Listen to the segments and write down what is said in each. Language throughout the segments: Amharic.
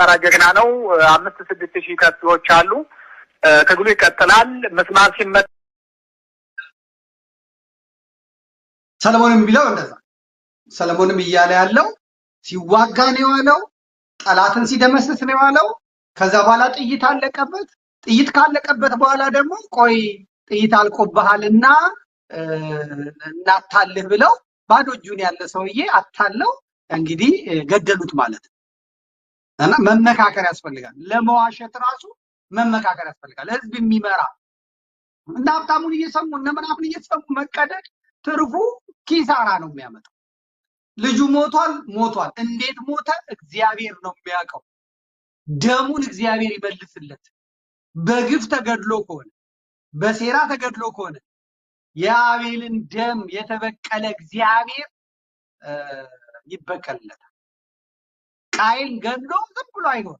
መስመራ ጀግና ነው። አምስት ስድስት ሺህ ከብቶች አሉ። ትግሉ ይቀጥላል። ምስማር ሲመጣ ሰለሞን የሚለው እንደዛ ሰለሞንም እያለ ያለው ሲዋጋ ነው የዋለው፣ ጠላትን ሲደመስስ ነው የዋለው። ከዛ በኋላ ጥይት አለቀበት። ጥይት ካለቀበት በኋላ ደግሞ ቆይ ጥይት አልቆብሃልና እናታልህ ብለው ባዶ እጁን ያለ ሰውዬ አታለው እንግዲህ ገደሉት ማለት ነው። እና መመካከር ያስፈልጋል። ለመዋሸት ራሱ መመካከር ያስፈልጋል። ህዝብ የሚመራ እና ሀብታሙን እየሰሙ እነ ምናምን እየሰሙ መቀደድ ትርፉ ኪሳራ ነው የሚያመጣው። ልጁ ሞቷል ሞቷል። እንዴት ሞተ? እግዚአብሔር ነው የሚያውቀው። ደሙን እግዚአብሔር ይመልስለት። በግፍ ተገድሎ ከሆነ በሴራ ተገድሎ ከሆነ የአቤልን ደም የተበቀለ እግዚአብሔር ይበቀልለታል። ቃይል ገድሎ ዝም ብሎ አይኖር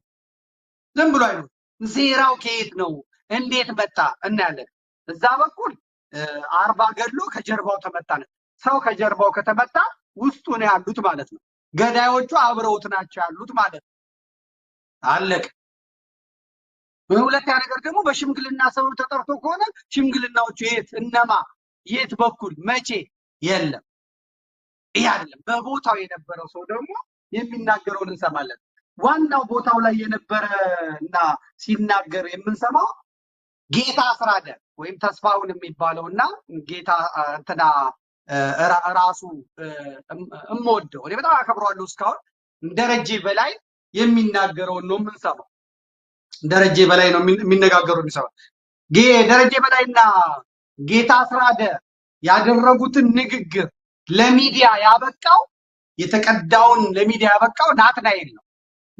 ዝም ብሎ አይኖር። ዜራው ከየት ነው እንዴት መጣ እናያለን። እዛ በኩል አርባ ገድሎ ከጀርባው ተመጣ ሰው ከጀርባው ከተመጣ ውስጡ ነው ያሉት ማለት ነው። ገዳዮቹ አብረውት ናቸው ያሉት ማለት ነው። አለቅ ሁለተኛ ነገር ደግሞ በሽምግልና ሰበብ ተጠርቶ ከሆነ ሽምግልናዎቹ የት እነማ የት በኩል መቼ የለም። ይህ አይደለም። በቦታው የነበረው ሰው ደግሞ የሚናገረውን እንሰማለን። ዋናው ቦታው ላይ የነበረ እና ሲናገር የምንሰማው ጌታ አስራደ ወይም ተስፋውን የሚባለው እና ጌታ እንትና ራሱ እምወደው እኔ በጣም አከብረዋለሁ እስካሁን ደረጀ በላይ የሚናገረውን ነው የምንሰማው። ደረጀ በላይ ነው የሚነጋገረው የሚሰማው። ደረጀ በላይና ጌታ አስራደ ያደረጉትን ንግግር ለሚዲያ ያበቃው የተቀዳውን ለሚዲያ ያበቃው ናትናኤል ነው።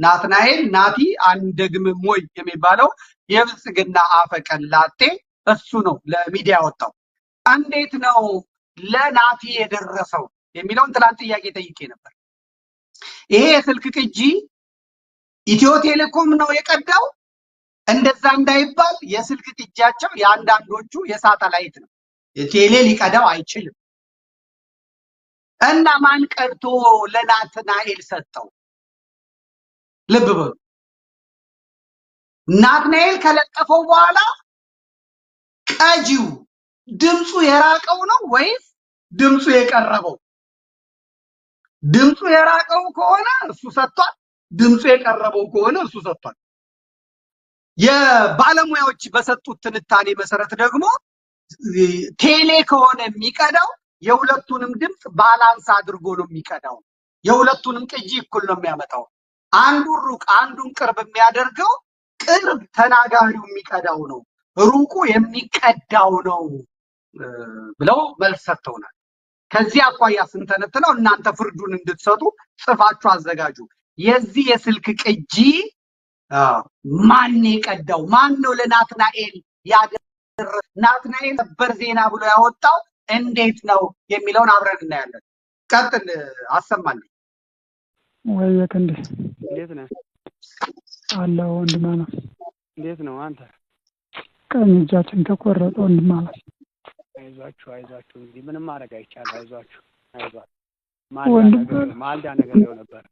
ናትናኤል ናቲ አንደግም ሞይ የሚባለው የብልጽግና አፈቀላጤ እሱ ነው ለሚዲያ ያወጣው። እንዴት ነው ለናቲ የደረሰው የሚለውን ትላንት ጥያቄ ጠይቄ ነበር። ይሄ የስልክ ቅጂ ኢትዮ ቴሌኮም ነው የቀዳው እንደዛ እንዳይባል የስልክ ቅጃቸው የአንዳንዶቹ የሳተላይት ነው። ቴሌ ሊቀዳው አይችልም። እና ማን ቀርቶ ለናትናኤል ሰጠው? ልብ በሉ። ናትናኤል ከለጠፈው በኋላ ቀጂው ድምፁ የራቀው ነው ወይስ ድምፁ የቀረበው? ድምፁ የራቀው ከሆነ እሱ ሰጥቷል። ድምፁ የቀረበው ከሆነ እሱ ሰጥቷል። የባለሙያዎች በሰጡት ትንታኔ መሰረት ደግሞ ቴሌ ከሆነ የሚቀዳው የሁለቱንም ድምፅ ባላንስ አድርጎ ነው የሚቀዳው። የሁለቱንም ቅጂ እኩል ነው የሚያመጣው። አንዱን ሩቅ አንዱን ቅርብ የሚያደርገው ቅርብ ተናጋሪው የሚቀዳው ነው፣ ሩቁ የሚቀዳው ነው ብለው መልስ ሰጥተውናል። ከዚህ አኳያ ስንተነትነው እናንተ ፍርዱን እንድትሰጡ ጽፋችሁ አዘጋጁ። የዚህ የስልክ ቅጂ ማን የቀዳው? ማን ነው ለናትናኤል ያደረ ናትናኤል ነበር ዜና ብሎ ያወጣው እንዴት ነው የሚለውን አብረን እናያለን። ቀጥል አሰማል ወየት የክንዴ እንዴት ነ አለ ወንድማ ነው። እንዴት ነው አንተ? ቀኝ እጃችን ተቆረጠ ወንድማ ነው። አይዟችሁ አይዟችሁ፣ እንግዲህ ምንም ማድረግ አይቻል አይዟችሁ አይዟችሁ። ማልዳ ነገር ነው ነበር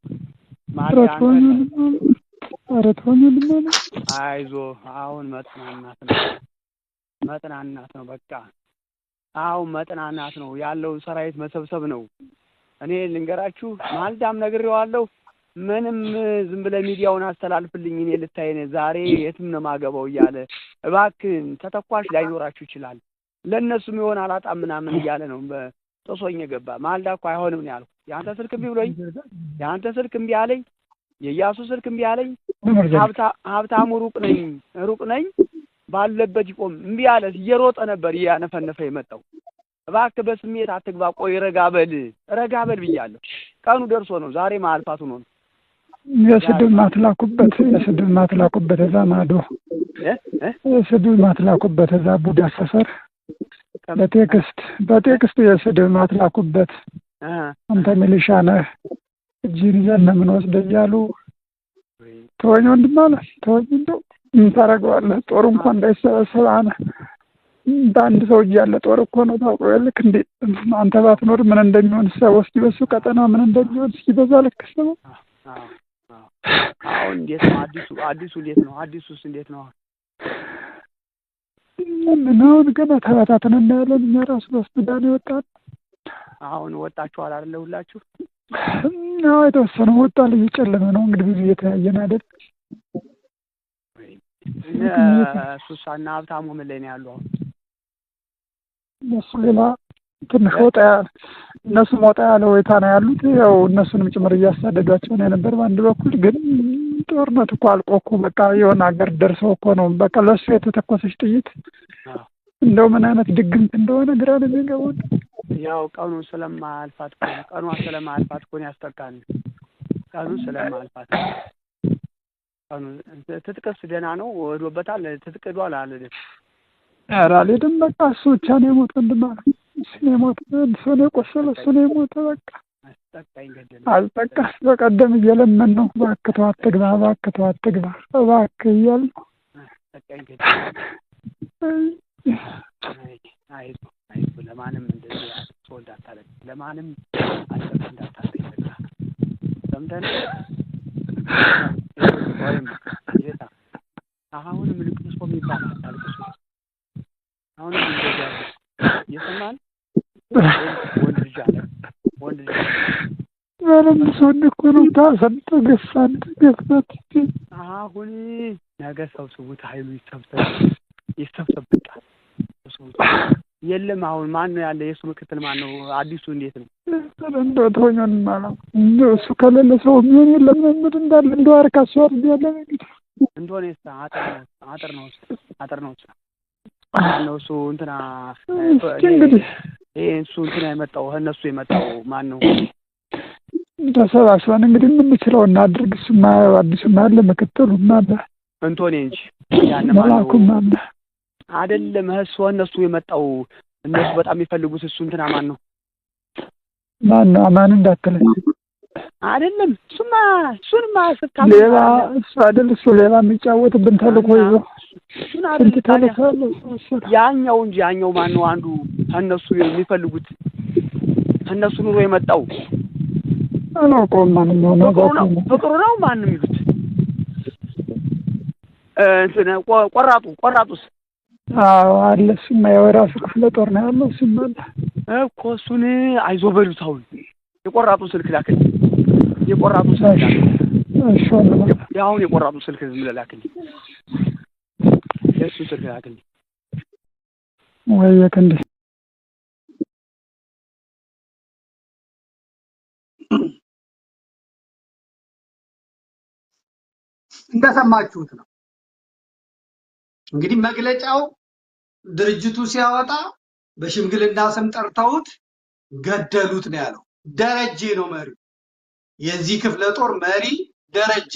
ማልዳ አይዞ አሁን መጥናናት ነው መጥናናት ነው በቃ አዎ መጥናናት ነው ያለውን ሰራዊት መሰብሰብ ነው። እኔ ልንገራችሁ ማልዳም ነግሬዋለሁ። ምንም ዝም ብለህ ሚዲያውን አስተላልፍልኝ እኔ ልታይነ ዛሬ የትም ነው ማገባው እያለ እባክን ተተኳሽ ላይኖራችሁ ይችላል ለእነሱም የሆነ አላጣ ምናምን እያለ ነው ጥሶኝ የገባ ማልዳ እኮ አይሆንም ነው ያልኩ። የአንተ ስልክ እምቢ ብሎኝ የአንተ ስልክ እምቢ አለኝ። የኢያሱ ስልክ እምቢ አለኝ። ሀብታሙ ሩቅ ነኝ ሩቅ ነኝ ባለበት ይቆም። እምቢ አለ። እየሮጠ ነበር እያነፈነፈ የመጣው። እባክህ በስሜት አትግባ። ቆይ ረጋ በል ረጋ በል ብያለሁ። ቀኑ ደርሶ ነው ዛሬ ማልፋቱ ነው። የስድብ ማትላኩበት የስድብ ማትላኩበት እዛ ማዶ የስድብ ማትላኩበት እዛ ቡዳ ሰፈር በቴክስት በቴክስት የስድብ ማትላኩበት አንተ ሚሊሻ ነህ እጅን ይዘን ነው ወስደ እያሉ ተወኝ ወንድም አለ ተወኝ እንደው ታደርገዋለህ። ጦሩ እንኳን እንዳይሰበሰብ በአንድ ሰው እጅ ያለ ጦር እኮ ነው ታውቀዋለህ። ልክ እንዴ አንተ ባትኖር ምን እንደሚሆን ሰው እስኪበሱ ቀጠና ምን እንደሚሆን እስኪበዛ ልክ ሰው አሁን እንዴት ነው አዲሱ አዲሱ እንዴት ነው አዲሱስ እንዴት ነው? ምን ገና ተበታተን እናያለን። እኛ ራሱ በሱዳን ይወጣል። አሁን ወጣችኋል አይደለ? ሁላችሁ የተወሰነው ወጣ። ልዩ ጨለመ ነው እንግዲህ ብዙ እየተያየን አይደል ሱሳና ሀብታሙ ምን ላይ ነው ያሉ? አሁን እነሱ ሌላ ትንሽ ወጣ ያለ እነሱ ወጣ ያለ ወይታ ነው ያሉት። ያው እነሱንም ጭምር እያሳደዷቸው ነው የነበር። በአንድ በኩል ግን ጦርነት እኮ አልቆ እኮ በቃ የሆነ ሀገር ደርሰው እኮ ነው በቃ ለእሱ የተተኮሰች ጥይት እንደው ምን አይነት ድግምት እንደሆነ ግራ ነው የሚገቡት። ያው ቀኑ ስለማያልፋት ቀኗ ስለማያልፋት እኮ ነው ያስጠቃል። ቀኑ ስለማያልፋት ትጥቅስ ደህና ነው ወዶበታል። ትጥቅ ሄዷል አልሄድም። ኧረ አልሄድም። በቃ እሱ ብቻ ነው የሞተ ወንድም እሱ ነው የሞተ፣ እሱ ነው የቆሰለ፣ እሱ ነው የሞተ። በቃ አልጠቃስ። በቀደም እየለመን ነው እባክህ ተው አትግባ፣ እባክህ ተው አትግባ፣ እባክህ ነው ለማንም ለማንም ጌታ ምልክት ልቅሶ የሚባል አልቅሱ። አሁንም እንደዛ ይሰማል። ወንድ ልጅ አለ ወንድ ልጅ በለም ሰውን እኮ ነው ታሰንጠ ገሳን አሁን ነገ ሰብስቡት፣ ኃይሉ ይሰብሰብ ይሰብሰብ፣ በቃ ሰብስቡት የለም አሁን ማን ነው ያለ? የእሱ ምክትል ማን ነው? አዲሱ እንዴት ነው? እንደትሆኛን ማለት እሱ ከሌለ ሰው የሚሆን የለም። መምድ እንዳለ እንደ አርካ ሰው ያለ እንደሆነ ስ አጥር ነው አጥር ነው ነው እሱ እንትና እንግዲህ ይሄ እሱ እንትና የመጣው እነሱ የመጣው ማን ነው? ተሰባስበን እንግዲህ የምንችለው እናድርግ። እሱማ አዲሱ ያለ ምክትሉማ አለ እንቶኔ እንጂ ያን ማለ አይደለም እሱ እነሱ የመጣው እነሱ በጣም የሚፈልጉት እሱ እንትን አማን ነው። ማን ነው አማን እንዳትለ አይደለም። እሱማ እሱንማ ስታም ሌባ እሱ አይደል እሱ ሌባ የሚጫወትብን ተልእኮ ይዞ ስንት ተልእኮ ያኛው እንጂ ያኛው ማን ነው? አንዱ እነሱ የሚፈልጉት እነሱ ኑሮ የመጣው አላውቀውም። ማን ነው ነው ፍቅሩ ነው ማን ነው የሚሉት? እንትን ቆራጡ ቆራጡስ አዎ አለ። እሱማ ያው የራሱ ክፍለ ጦር ነው ያለው። እሱማ አለ እኮ እሱን አይዞህ በሉት። አሁን የቆራጡ ስልክ ላክልኝ። የቆራጡ ስልክ አሁን የቆራጡ ስልክ ዝም ብለህ ላክልኝ። የእሱ ስልክ ላክል። ወይዬ ክንዴ እንደሰማችሁት ነው እንግዲህ መግለጫው ድርጅቱ ሲያወጣ በሽምግልና ስም ጠርተውት ገደሉት ነው ያለው። ደረጀ ነው መሪው። የዚህ ክፍለ ጦር መሪ ደረጀ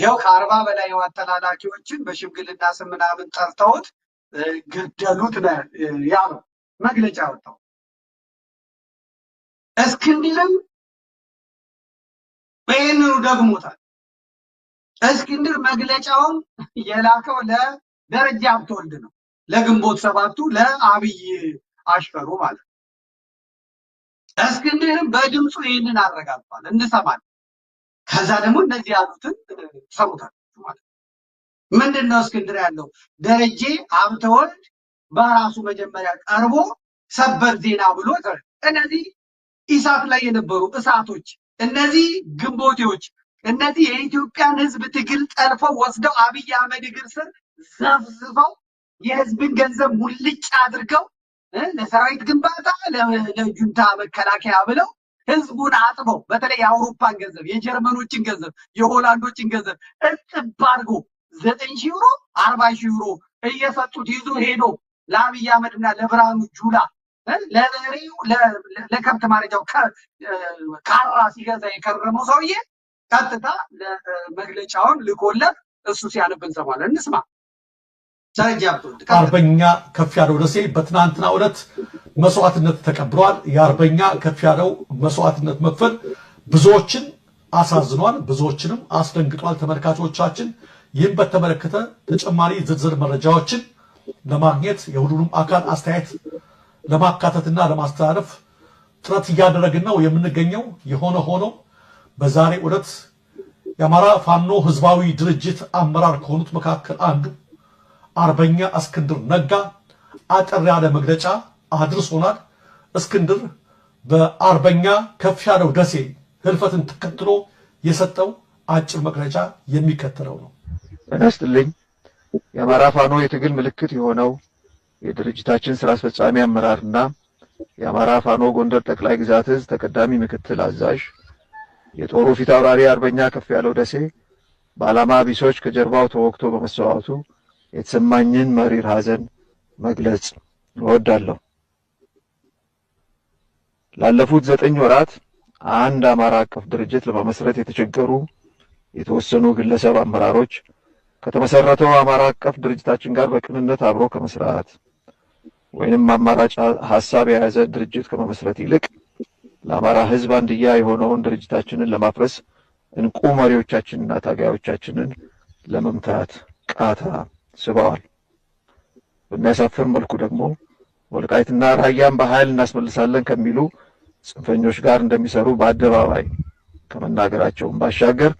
ይኸው ከአርባ በላይ የህወሓት ተላላኪዎችን በሽምግልና ስም ምናምን ጠርተውት ገደሉት ያለው መግለጫ ወጣው። እስክንድርም ይህንኑ ደግሞታል። እስክንድር መግለጫውን የላከው ለደረጃ ሀብተወልድ ነው፣ ለግንቦት ሰባቱ ለአብይ አሽፈሩ ማለት ነው። እስክንድርም በድምፁ ይህንን አረጋግጧል፣ እንሰማለን። ከዛ ደግሞ እነዚህ ያሉትን ሰሙታላችሁ ማለት ነው። ምንድን ነው እስክንድር ያለው? ደረጄ ሀብተወልድ በራሱ መጀመሪያ ቀርቦ ሰበር ዜና ብሎ እነዚህ ኢሳት ላይ የነበሩ እሳቶች እነዚህ ግንቦቴዎች እነዚህ የኢትዮጵያን ህዝብ ትግል ጠልፈው ወስደው አብይ አህመድ እግር ስር ዘፍዝፈው የህዝብን ገንዘብ ሙልጭ አድርገው ለሰራዊት ግንባታ ለጁንታ መከላከያ ብለው ህዝቡን አጥበው በተለይ የአውሮፓን ገንዘብ፣ የጀርመኖችን ገንዘብ፣ የሆላንዶችን ገንዘብ እጥብ አድርጎ ዘጠኝ ሺህ ዩሮ አርባ ሺህ ዩሮ እየሰጡት ይዞ ሄዶ ለአብይ አህመድና ለብርሃኑ ጁላ ለበሬው ለከብት ማረጃው ካራ ሲገዛ የከረመው ሰውዬ ቀጥታ መግለጫውን ልኮለት እሱ ሲያነብ እንሰማለን። እንስማ። አርበኛ ከፍያለው ደሴ በትናንትና ዕለት መስዋዕትነት ተቀብሏል። የአርበኛ ከፍ ያለው መስዋዕትነት መክፈል ብዙዎችን አሳዝኗል፣ ብዙዎችንም አስደንግጧል። ተመልካቾቻችን ይህም በተመለከተ ተጨማሪ ዝርዝር መረጃዎችን ለማግኘት የሁሉንም አካል አስተያየት ለማካተትና ለማስተላለፍ ጥረት እያደረግን ነው የምንገኘው። የሆነ ሆኖ በዛሬ ዕለት የአማራ ፋኖ ህዝባዊ ድርጅት አመራር ከሆኑት መካከል አንዱ አርበኛ እስክንድር ነጋ አጠር ያለ መግለጫ አድርሶናል። እስክንድር በአርበኛ ከፍ ያለው ደሴ ህልፈትን ተከትሎ የሰጠው አጭር መግለጫ የሚከተለው ነው። እነስትልኝ የአማራ ፋኖ የትግል ምልክት የሆነው የድርጅታችን ስራ አስፈጻሚ አመራርና የአማራ ፋኖ ጎንደር ጠቅላይ ግዛት እዝ ተቀዳሚ ምክትል አዛዥ የጦሩ ፊት አውራሪ አርበኛ ከፍ ያለው ደሴ በዓላማ ቢሶች ከጀርባው ተወግቶ በመሰዋቱ የተሰማኝን መሪር ሐዘን መግለጽ እወዳለሁ። ላለፉት ዘጠኝ ወራት አንድ አማራ አቀፍ ድርጅት ለመመስረት የተቸገሩ የተወሰኑ ግለሰብ አመራሮች ከተመሰረተው አማራ አቀፍ ድርጅታችን ጋር በቅንነት አብሮ ከመስራት ወይንም አማራጭ ሀሳብ የያዘ ድርጅት ከመመስረት ይልቅ ለአማራ ህዝብ አንድያ የሆነውን ድርጅታችንን ለማፍረስ እንቁ መሪዎቻችንና ታጋዮቻችንን ለመምታት ቃታ ስበዋል። በሚያሳፍር መልኩ ደግሞ ወልቃይትና ራያን በኃይል እናስመልሳለን ከሚሉ ጽንፈኞች ጋር እንደሚሰሩ በአደባባይ ከመናገራቸውም ባሻገር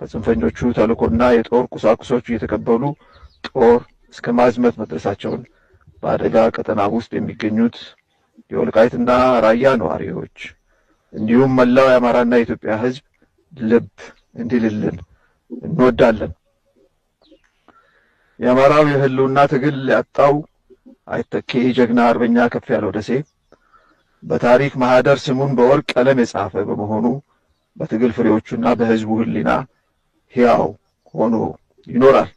ከጽንፈኞቹ ተልእኮና የጦር ቁሳቁሶች እየተቀበሉ ጦር እስከ ማዝመት መድረሳቸውን በአደጋ ቀጠና ውስጥ የሚገኙት የወልቃይትና ራያ ነዋሪዎች እንዲሁም መላው የአማራና የኢትዮጵያ ሕዝብ ልብ እንዲልልን እንወዳለን። የአማራው የህልውና ትግል ያጣው አይተኬ ጀግና አርበኛ ከፍ ያለው ደሴ በታሪክ ማህደር ስሙን በወርቅ ቀለም የጻፈ በመሆኑ በትግል ፍሬዎቹና በህዝቡ ህሊና ሕያው ሆኖ ይኖራል።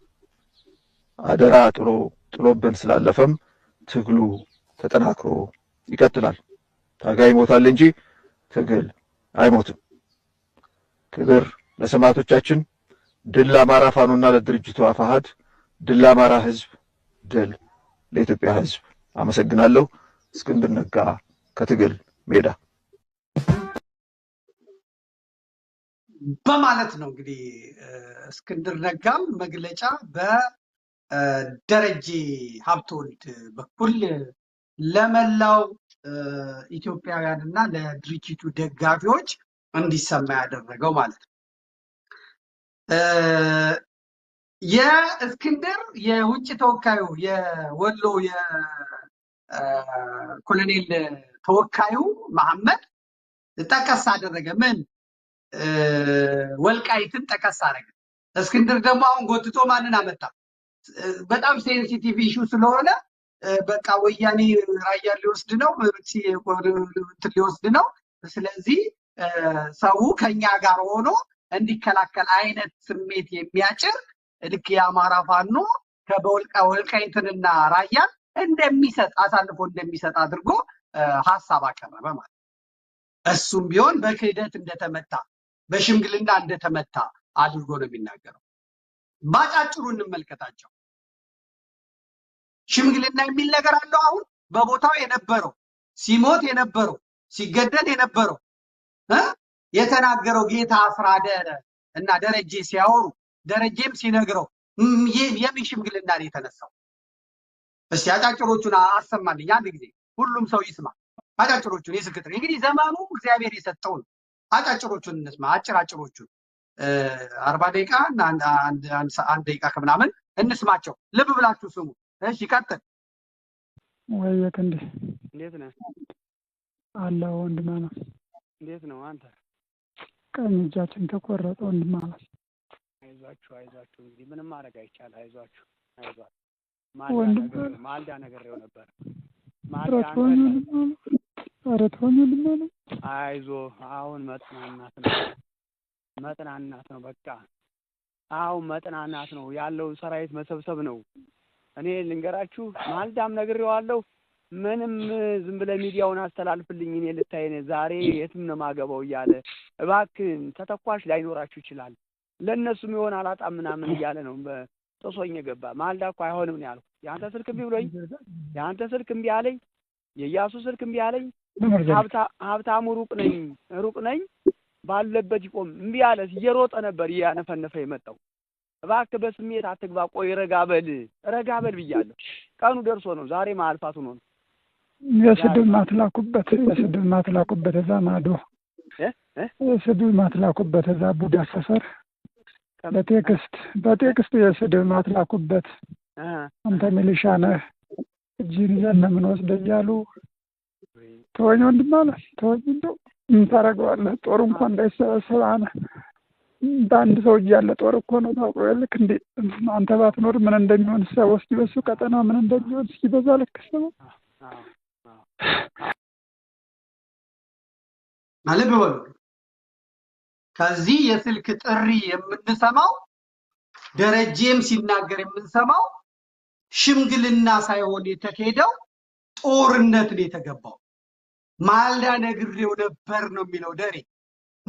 አደራ ጥሎ ጥሎብን ስላለፈም ትግሉ ተጠናክሮ ይቀጥላል። ታጋይ ይሞታል እንጂ ትግል አይሞትም። ክብር ለሰማዕቶቻችን። ድል ለአማራ ፋኖና ለድርጅቱ አፋሃድ። ድል ለአማራ ህዝብ ድል ለኢትዮጵያ ህዝብ አመሰግናለሁ። እስክንድር ነጋ ከትግል ሜዳ በማለት ነው እንግዲህ እስክንድር ነጋም መግለጫ በደረጀ ሀብተወልድ በኩል ለመላው ኢትዮጵያውያን እና ለድርጅቱ ደጋፊዎች እንዲሰማ ያደረገው ማለት ነው። የእስክንድር የውጭ ተወካዩ የወሎ የኮሎኔል ተወካዩ መሐመድ ጠቀስ አደረገ። ምን ወልቃይትን ጠቀስ አደረገ። እስክንድር ደግሞ አሁን ጎትቶ ማንን አመጣ? በጣም ሴንሲቲቭ ኢሹ ስለሆነ በቃ ወያኔ ራያ ሊወስድ ነው፣ መብት ሊወስድ ነው። ስለዚህ ሰው ከኛ ጋር ሆኖ እንዲከላከል አይነት ስሜት የሚያጭር ልክ የአማራ ፋኖ ከበወልቃ ወልቃይትንና ራያን እንደሚሰጥ አሳልፎ እንደሚሰጥ አድርጎ ሀሳብ አቀረበ ማለት እሱም ቢሆን በክህደት እንደተመታ በሽምግልና እንደተመታ አድርጎ ነው የሚናገረው። ባጫጭሩ እንመልከታቸው። ሽምግልና የሚል ነገር አለው። አሁን በቦታው የነበረው ሲሞት የነበረው ሲገደል የነበረው የተናገረው ጌታ አስራደ እና ደረጀ ሲያወሩ ደረጀም ሲነግረው የምን ሽምግልና ነው የተነሳው? እስቲ አጫጭሮቹን አሰማልኝ አንድ ጊዜ ሁሉም ሰው ይስማ። አጫጭሮቹን የስልክ እንግዲህ ዘመኑ እግዚአብሔር የሰጠው ነው። አጫጭሮቹን እንስማ። አጭራጭሮቹን አርባ ደቂቃ አንድ ደቂቃ ከምናምን እንስማቸው። ልብ ብላችሁ ስሙ። እሺ ቀጥል። ወይ ወንድሜ እንዴት ነህ? አለሁ ወንድማማች። እንዴት ነው አንተ? ቀኝ እጃችን ተቆረጠ ወንድማማች። አይዟችሁ አይዟችሁ፣ እንግዲህ ምንም ማድረግ አይቻልም። አይዟችሁ አይዟችሁ። ማልዳ ነግሬው ነበር። ማልዳ ነው። አሁን መጥናናት ነው መጥናናት ነው። በቃ አሁን መጥናናት ነው ያለውን ሰራዊት መሰብሰብ ነው። እኔ ልንገራችሁ ማልዳም ነግሬዋለሁ። ምንም ዝም ብለህ ሚዲያውን አስተላልፍልኝ እኔ ልታይ ነኝ ዛሬ የትም ነው ማገባው እያለ እባክን ተተኳሽ ላይኖራችሁ ይችላል ለእነሱም የሆን አላጣም ምናምን እያለ ነው ጥሶኝ የገባ ማልዳ እኮ አይሆንም ነው ያልኩት። የአንተ ስልክ እምቢ ብሎኝ የአንተ ስልክ እምቢ አለኝ፣ የኢያሱ ስልክ እምቢ አለኝ። ሀብታሙ ሩቅ ነኝ ሩቅ ነኝ ባለበት ይቆም እምቢ አለ። እየሮጠ ነበር እያነፈነፈ የመጣው እባክህ በስሜት አትግባ። ቆይ ረጋ በል ረጋ በል ብያለሁ። ቀኑ ደርሶ ነው። ዛሬ ማልፋት ሆኖ ነው። የስድብ ማትላኩበት የስድብ ማትላኩበት እዛ ማዶ የስድብ ማትላኩበት እዛ ቡዳ ሰፈር በቴክስት በቴክስት የስድብ ማትላኩበት አንተ ሚሊሻ ነህ እጅን ይዘን ነው የምንወስደ እያሉ ተወኝ ወንድም አለ ተወኝ እንደው ምን ታደርገዋለህ? ጦሩ እንኳን እንዳይሰበሰብ አነ በአንድ ሰው እጅ ያለ ጦር እኮ ነው ታውቀው ልክ እንዴ አንተ ባትኖር ምን እንደሚሆን ሰው እስኪ በሱ ቀጠና ምን እንደሚሆን እስኪ በዛ ልክ ስበው ልብ ቢሆን ከዚህ የስልክ ጥሪ የምንሰማው ደረጀም ሲናገር የምንሰማው ሽምግልና ሳይሆን የተካሄደው ጦርነት ነው የተገባው። ማልዳ ነግሬው ነበር ነው የሚለው ደሬ።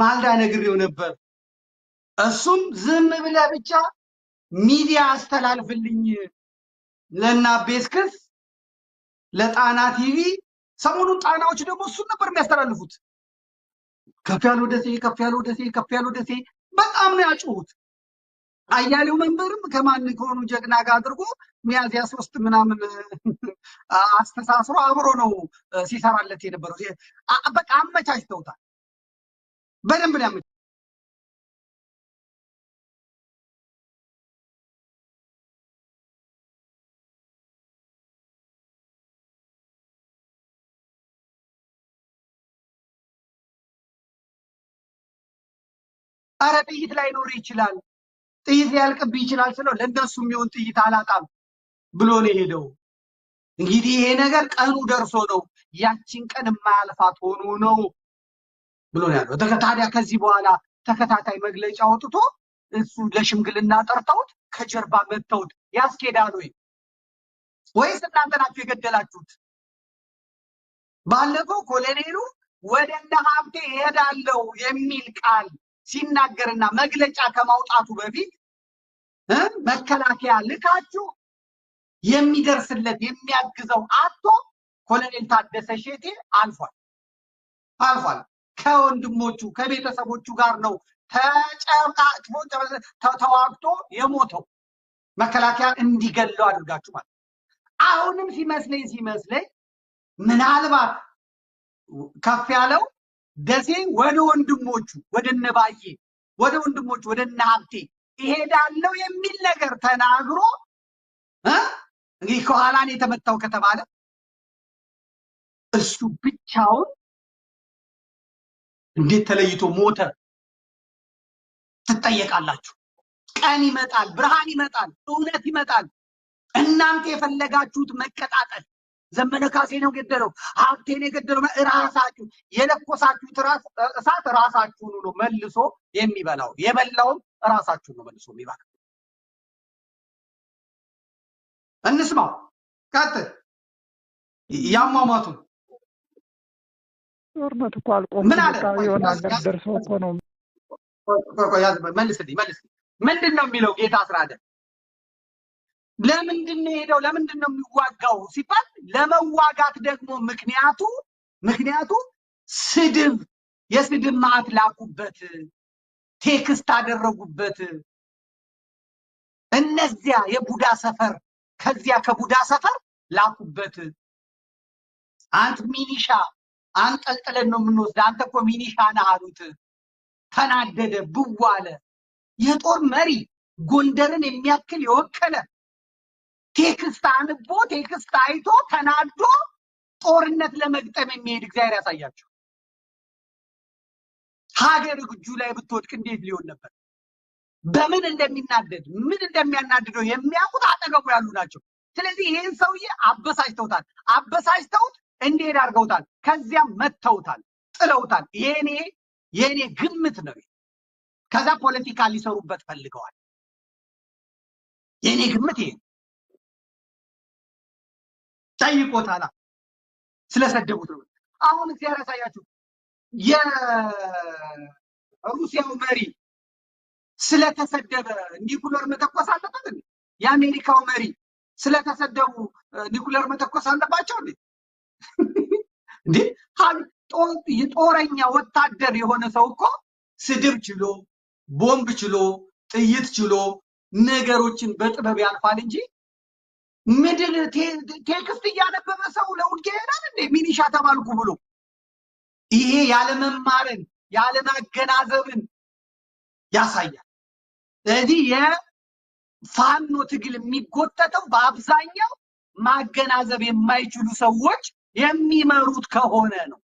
ማልዳ ነግሬው ነበር እሱም ዝም ብለ ብቻ ሚዲያ አስተላልፍልኝ ለና ክስ ለጣና ቲቪ ሰሞኑን ጣናዎች ደግሞ እሱን ነበር የሚያስተላልፉት። ከፍ ያለ ወደሴ፣ ከፍ ያለ ደሴ ከፍ ያለ ደሴ በጣም ነው ያጮሁት። አያሌው መንበርም ከማን ከሆኑ ጀግና ጋር አድርጎ ሚያዝያ ሶስት ምናምን አስተሳስሮ አብሮ ነው ሲሰራለት የነበረው። በቃ አመቻችተውታል። በደንብ ነው አረ ጥይት ላይኖር ይችላል፣ ጥይት ሊያልቅብ ይችላል ስለው ለእነሱ የሚሆን ጥይት አላጣም ብሎ ነው የሄደው። እንግዲህ ይሄ ነገር ቀኑ ደርሶ ነው ያችን ቀን የማያልፋት ሆኖ ነው ብሎ ነው ያለው። ታዲያ ከዚህ በኋላ ተከታታይ መግለጫ አውጥቶ እሱ ለሽምግልና ጠርተውት ከጀርባ መተውት ያስኬዳል ወይ ወይስ እናንተ ናችሁ የገደላችሁት? ባለፈው ኮሎኔሉ ወደ እነ ሀብቴ እሄዳለሁ የሚል ቃል ሲናገርና መግለጫ ከማውጣቱ በፊት መከላከያ ልካችሁ የሚደርስለት የሚያግዘው አቶ ኮሎኔል ታደሰ ሼቴ አልፏል አልፏል። ከወንድሞቹ ከቤተሰቦቹ ጋር ነው ተዋግቶ የሞተው። መከላከያ እንዲገለው አድርጋችሁ ማለት አሁንም ሲመስለኝ ሲመስለኝ ምናልባት ከፍ ያለው ደሴ ወደ ወንድሞቹ ወደ ነባዬ ወደ ወንድሞቹ ወደ እነ ሀብቴ የሚል ነገር ተናግሮ እንግዲህ ከኋላን የተመታው ከተባለ እሱ ብቻውን እንዴት ተለይቶ ሞተ? ትጠየቃላችሁ። ቀን ይመጣል፣ ብርሃን ይመጣል፣ እውነት ይመጣል። እናንተ የፈለጋችሁት መቀጣጠል ዘመነ ካሴ ካሴን የገደለው ነው የገደለው ራሳችሁ የለኮሳችሁት እሳት ራሳችሁን ነው መልሶ የሚበላው። የበላውም ራሳችሁን ነው መልሶ የሚበላው። እንስማው። ቀጥ ያሟሟቱ ጦርነት እኮ አልቆ ምን አለ ደርሶ እኮ ነው። መልስልኝ፣ መልስልኝ። ምንድን ነው የሚለው ጌታ አስራደ ለምንድን ነው የሄደው? ለምንድን ነው የሚዋጋው ሲባል ለመዋጋት ደግሞ ምክንያቱ ምክንያቱ ስድብ የስድብ ማዕት ላኩበት፣ ቴክስት አደረጉበት። እነዚያ የቡዳ ሰፈር ከዚያ ከቡዳ ሰፈር ላኩበት። አንት ሚኒሻ አንጠልጥለን ነው የምንወስድ፣ አንተ እኮ ሚኒሻ ነህ አሉት። ተናደደ፣ ብዋለ የጦር መሪ ጎንደርን የሚያክል የወከለ ቴክስት አንቦ ቴክስት አይቶ ተናዶ ጦርነት ለመግጠም የሚሄድ እግዚአብሔር ያሳያቸው። ሀገር እጁ ላይ ብትወድቅ እንዴት ሊሆን ነበር? በምን እንደሚናደድ ምን እንደሚያናድደው የሚያውቁት አጠገቡ ያሉ ናቸው። ስለዚህ ይህን ሰውዬ አበሳጭተውታል። አበሳጭተውት እንዲሄድ አድርገውታል። ከዚያም መተውታል፣ ጥለውታል። የኔ የእኔ ግምት ነው። ከዛ ፖለቲካ ሊሰሩበት ፈልገዋል። የእኔ ግምት ይሄ ጠይቆታላ ስለሰደቡት ነው። አሁን እግዚአብሔር ያሳያችሁ። የሩሲያው መሪ ስለተሰደበ ኒኩለር መተኮስ አለበት የአሜሪካው መሪ ስለተሰደቡ ኒኩለር መተኮስ አለባቸው እንዴ ጦረኛ ወታደር የሆነ ሰው እኮ ስድብ ችሎ ቦምብ ችሎ ጥይት ችሎ ነገሮችን በጥበብ ያልፋል እንጂ ምድር ቴክስት እያነበበ ሰው ለውጊያ ይሄዳል እንዴ? ሚኒሻ ተባልኩ ብሎ ይሄ ያለመማርን ያለማገናዘብን ያሳያል። ስለዚህ የፋኖ ትግል የሚጎተተው በአብዛኛው ማገናዘብ የማይችሉ ሰዎች የሚመሩት ከሆነ ነው።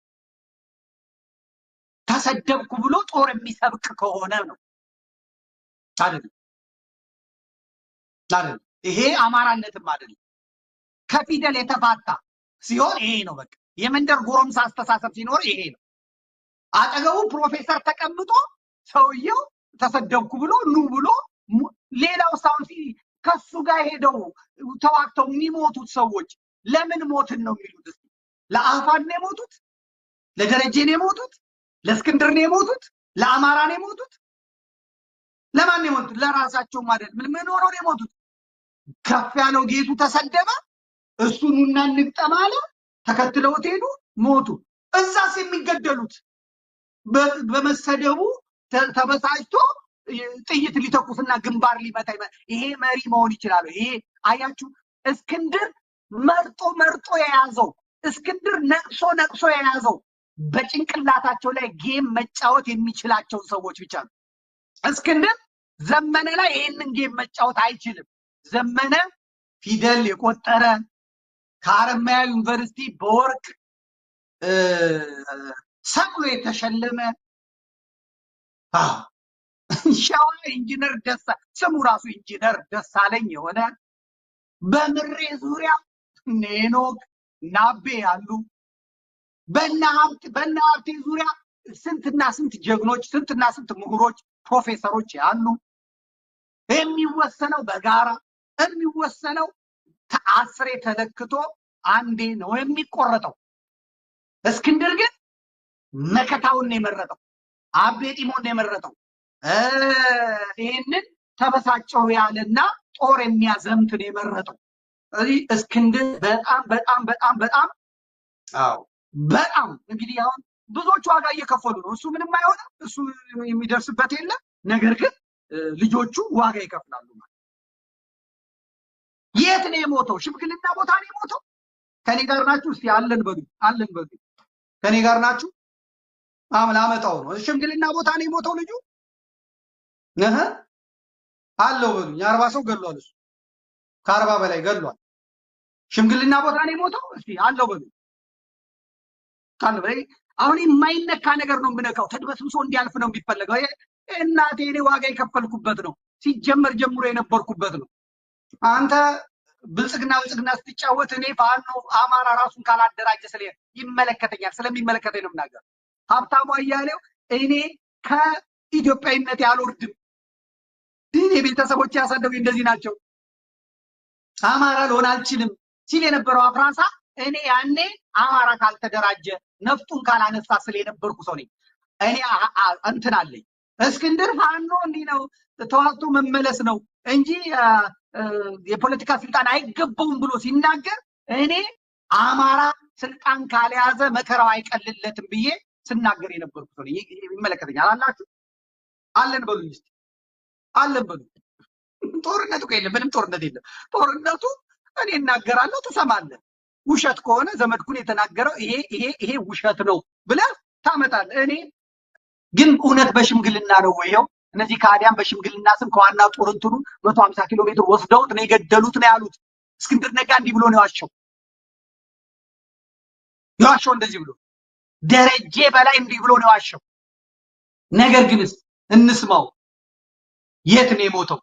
ተሰደብኩ ብሎ ጦር የሚሰብቅ ከሆነ ነው። አይደለም ይሄ አማራነትም አይደለም፣ ከፊደል የተፋታ ሲሆን ይሄ ነው። በቃ የመንደር ጎረምሳ አስተሳሰብ ሲኖር ይሄ ነው። አጠገቡ ፕሮፌሰር ተቀምጦ ሰውየው ተሰደብኩ ብሎ ኑ ብሎ ሌላው ሳውንሲ ከሱ ጋር ሄደው ተዋግተው የሚሞቱት ሰዎች ለምን ሞትን ነው የሚሉት? እስኪ ለአፋን ነው የሞቱት፣ ለደረጀ ነው የሞቱት፣ ለእስክንድር ነው የሞቱት፣ ለአማራ ነው የሞቱት። ለማን ነው የሞቱት? ለራሳቸው ማለት ምን ሆኖ ነው የሞቱት? ከፍ ያለው ጌቱ ተሰደበ። እሱን ኑና እንግጠም አለ። ተከትለውት ሄዱ፣ ሞቱ። እዛስ የሚገደሉት በመሰደቡ ተበሳጭቶ ጥይት ሊተኩስና ግንባር ሊመታ ይሄ መሪ መሆን ይችላሉ። ይሄ አያችሁ፣ እስክንድር መርጦ መርጦ የያዘው እስክንድር ነቅሶ ነቅሶ የያዘው በጭንቅላታቸው ላይ ጌም መጫወት የሚችላቸውን ሰዎች ብቻ ነው። እስክንድር ዘመነ ላይ ይህንን ጌም መጫወት አይችልም። ዘመነ ፊደል የቆጠረ ከአረማያ ዩኒቨርሲቲ በወርቅ ሰቅሎ የተሸለመ ሻዋ ኢንጂነር ደሳ ስሙ ራሱ ኢንጂነር ደሳለኝ የሆነ በምሬ ዙሪያ ኔኖክ ናቤ ያሉ በእነ ሀብቴ ዙሪያ ስንትና ስንት ጀግኖች ስንትና ስንት ምሁሮች ፕሮፌሰሮች ያሉ የሚወሰነው በጋራ የሚወሰነው አስሬ ተለክቶ አንዴ ነው የሚቆረጠው። እስክንድር ግን መከታውን ነው የመረጠው። አቤ ጢሞን ነው የመረጠው። ይህንን ተበሳጨው ያለና ጦር የሚያዘምት ነው የመረጠው። እስክንድር በጣም በጣም በጣም በጣም በጣም እንግዲህ አሁን ብዙዎች ዋጋ እየከፈሉ ነው። እሱ ምንም አይሆንም፣ እሱ የሚደርስበት የለም። ነገር ግን ልጆቹ ዋጋ ይከፍላሉ ማለት የት ነው የሞተው? ሽምግልና ቦታ ነው የሞተው? ከኔ ጋር ናችሁ? እስቲ አለን በሉ፣ አለን በሉ። ከኔ ጋር ናችሁ? ላመጣው ነው። ሽምግልና ቦታ ነው የሞተው ልጁ ነህ አለው በሉኝ። አርባ ሰው ገሏል። እሱ ከአርባ በላይ ገሏል። ሽምግልና ቦታ ነው የሞተው። እስቲ አለው በሉኝ። ካን አሁን የማይነካ ነገር ነው የምነካው። ተድበስብሶ እንዲያልፍ ነው የሚፈለገው። እናቴ እኔ ዋጋ የከፈልኩበት ነው። ሲጀመር ጀምሮ የነበርኩበት ነው። አንተ ብልጽግና ብልጽግና ስትጫወት እኔ ፋኖ አማራ ራሱን ካላደራጀ ስለ ይመለከተኛል ስለሚመለከተኝ ነው የምናገር። ሀብታሙ አያሌው እኔ ከኢትዮጵያዊነት ያልወርድም። ግን ቤተሰቦች ያሳደጉ እንደዚህ ናቸው፣ አማራ ልሆን አልችልም ሲል የነበረው አፍራንሳ እኔ ያኔ አማራ ካልተደራጀ ነፍጡን ካላነሳ ስለ የነበርኩ ሰው ነኝ። እኔ እንትን አለኝ። እስክንድር ፋኖ እንዲህ ነው ተዋግቶ መመለስ ነው እንጂ የፖለቲካ ስልጣን አይገባውም ብሎ ሲናገር እኔ አማራ ስልጣን ካልያዘ መከራው አይቀልለትም ብዬ ስናገር የነበርኩት ነው። ይመለከተኛል አላችሁ አለን በሉ እስኪ አለን በሉ። ጦርነቱ የለም፣ ምንም ጦርነት የለም። ጦርነቱ እኔ እናገራለሁ፣ ትሰማለህ። ውሸት ከሆነ ዘመድኩን የተናገረው ይሄ ይሄ ይሄ ውሸት ነው ብለህ ታመጣለህ። እኔ ግን እውነት በሽምግልና ነው ወየው እነዚህ ከአዲያን በሽምግልና ስም ከዋና ጦር እንትኑ መቶ ሀምሳ ኪሎ ሜትር ወስደውት ነው የገደሉት ነው ያሉት። እስክንድር ነጋ እንዲህ ብሎ ነው የዋሸው የዋሸው እንደዚህ ብሎ ደረጀ በላይ እንዲህ ብሎ ነው የዋሸው። ነገር ግን እንስማው የት ነው የሞተው?